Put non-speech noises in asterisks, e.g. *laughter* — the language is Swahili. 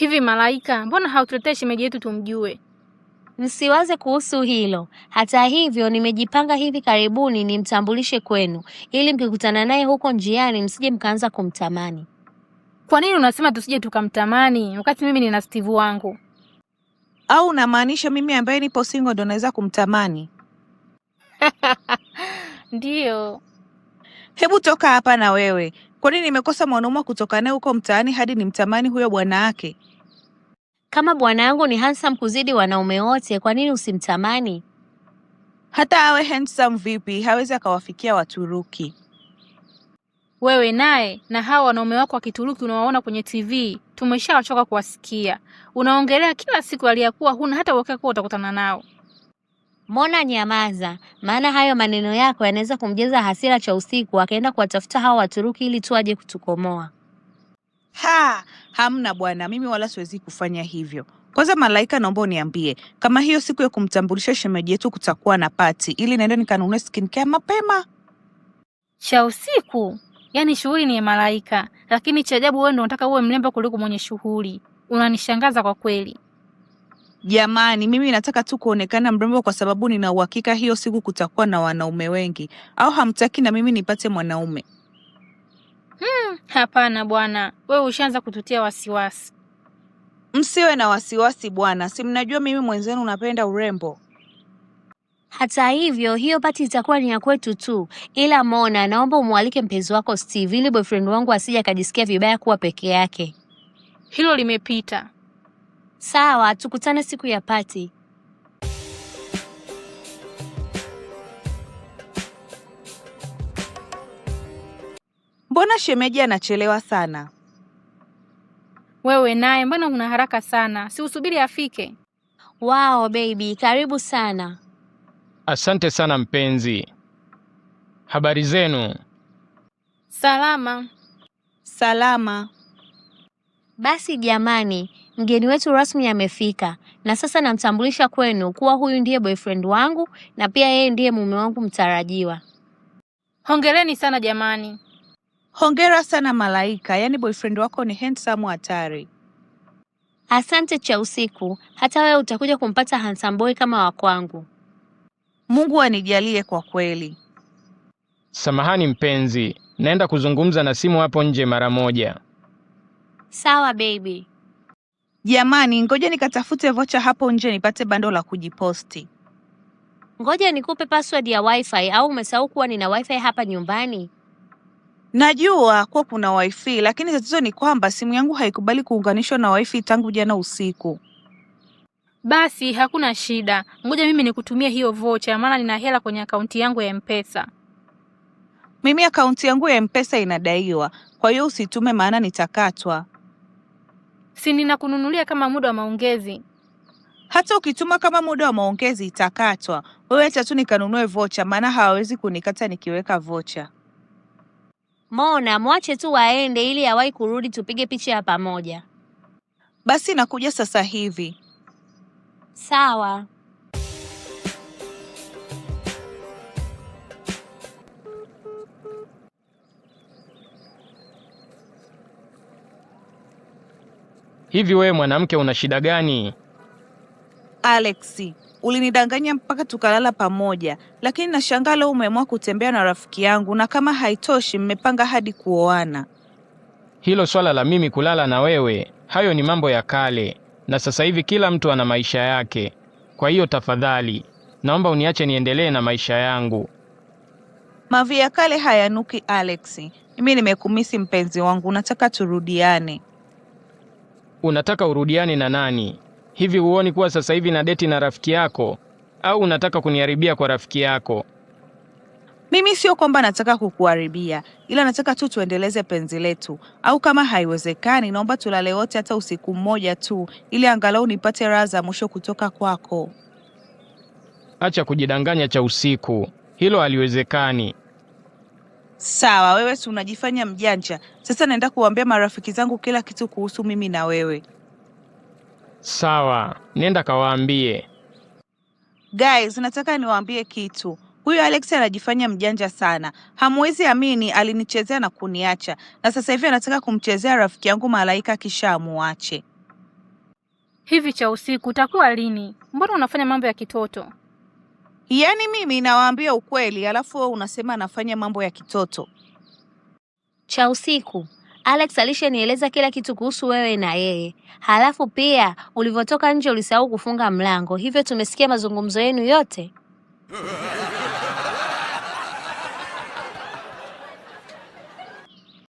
Hivi Malaika, mbona hautuletee shemeji yetu tumjue? Msiwaze kuhusu hilo. Hata hivyo, nimejipanga hivi karibuni nimtambulishe kwenu, ili mkikutana naye huko njiani msije mkaanza kumtamani. Kwa nini unasema tusije tukamtamani wakati mimi nina Steve wangu? Au unamaanisha mimi ambaye nipo single ndo naweza kumtamani? *laughs* Ndiyo. Hebu toka hapa na wewe. Kwani nimekosa mwanaume wa kutoka naye huko mtaani hadi nimtamani huyo bwana yake? Kama bwana yangu ni handsome kuzidi wanaume wote, kwa nini usimtamani? Hata awe handsome vipi, hawezi akawafikia Waturuki. Wewe naye na hawa wanaume wako wa Kituruki unawaona kwenye TV tumeshawachoka kuwasikia. Unaongelea kila siku aliyakuwa huna hata uhakika kuwa utakutana nao. Mona, nyamaza, maana hayo maneno yako yanaweza kumjeza hasira cha usiku akaenda kuwatafuta hao Waturuki ili tu aje kutukomoa. Ha, hamna bwana, mimi wala siwezi kufanya hivyo. Kwanza Malaika, naomba uniambie kama hiyo siku ya kumtambulisha shemeji yetu kutakuwa na pati, ili naenda nikanunue care mapema. Cha usiku, yaani shughuli ni ya Malaika, lakini cha ajabu wewe ndio unataka uwe mlemba kuliko mwenye shughuli. Unanishangaza kwa kweli. Jamani, mimi nataka tu kuonekana mrembo kwa sababu nina uhakika hiyo siku kutakuwa na wanaume wengi, au hamtaki na mimi nipate mwanaume? Hmm, hapana bwana, wewe ushaanza kututia wasiwasi. Msiwe na wasiwasi bwana, si mnajua mimi mwenzenu napenda urembo. Hata hivyo hiyo pati itakuwa ni ya kwetu tu, ila Mona, naomba umwalike mpenzi wako Steve ili boyfriend wangu asije akajisikia vibaya kuwa peke yake. Hilo limepita. Sawa, tukutane siku ya pati. Mbona shemeji anachelewa sana? Wewe naye mbona una haraka sana? Si usubiri afike? Wao baby, karibu sana. Asante sana mpenzi. Habari zenu? Salama. Salama. Basi jamani, mgeni wetu rasmi amefika, na sasa namtambulisha kwenu kuwa huyu ndiye boyfriend wangu na pia yeye ndiye mume wangu mtarajiwa. Hongereni sana jamani. Hongera sana Malaika, yaani boyfriend wako ni handsome hatari. Asante cha usiku, hata wewe utakuja kumpata handsome boy kama wa kwangu. Mungu anijalie kwa kweli. Samahani mpenzi, naenda kuzungumza na simu hapo nje mara moja. Sawa baby. Jamani, ngoja nikatafute vocha hapo nje nipate bando la kujiposti. Ngoja nikupe password ya wifi, au umesahau kuwa nina wifi hapa nyumbani? Najua kuwa kuna wifi, lakini tatizo ni kwamba simu yangu haikubali kuunganishwa na wifi tangu jana usiku. Basi hakuna shida, ngoja mimi nikutumie hiyo vocha, maana nina hela kwenye akaunti yangu ya mpesa Mimi akaunti yangu ya mpesa inadaiwa, kwa hiyo usitume, maana nitakatwa si ninakununulia kama muda wa maongezi. Hata ukituma kama muda wa maongezi itakatwa. Wewe acha tu nikanunue vocha, maana hawawezi kunikata nikiweka vocha. Mona, mwache tu waende ili awahi kurudi tupige picha ya pamoja. Basi nakuja sasa hivi. Sawa. Hivi wewe mwanamke una shida gani? Alexi, ulinidanganya mpaka tukalala pamoja, lakini nashangaa leo umeamua kutembea na rafiki yangu, na kama haitoshi mmepanga hadi kuoana. Hilo swala la mimi kulala na wewe, hayo ni mambo ya kale, na sasa hivi kila mtu ana maisha yake. Kwa hiyo tafadhali, naomba uniache niendelee na maisha yangu. Mavi ya kale hayanuki, Alexi. Mimi nimekumisi mpenzi wangu, nataka turudiane unataka urudiane na nani? Hivi huoni kuwa sasa hivi na deti na rafiki yako, au unataka kuniharibia kwa rafiki yako? Mimi sio kwamba nataka kukuharibia, ila nataka tu tuendeleze penzi letu, au kama haiwezekani, naomba tulale wote hata usiku mmoja tu, ili angalau nipate raha za mwisho kutoka kwako. Acha kujidanganya cha usiku, hilo haliwezekani. Sawa, wewe si unajifanya mjanja, sasa naenda kuwaambia marafiki zangu kila kitu kuhusu mimi na wewe. Sawa, nenda kawaambie. Guys, nataka niwaambie kitu. Huyo Alex anajifanya mjanja sana, hamwezi amini. Alinichezea na kuniacha, na sasa hivi anataka kumchezea rafiki yangu Malaika kisha amuache. Hivi cha usiku utakuwa lini? Mbona unafanya mambo ya kitoto? Yaani mimi nawaambia ukweli, alafu wewe unasema anafanya mambo ya kitoto cha usiku. Alex alishanieleza kila kitu kuhusu wewe na yeye, halafu pia ulivyotoka nje ulisahau kufunga mlango, hivyo tumesikia mazungumzo yenu yote.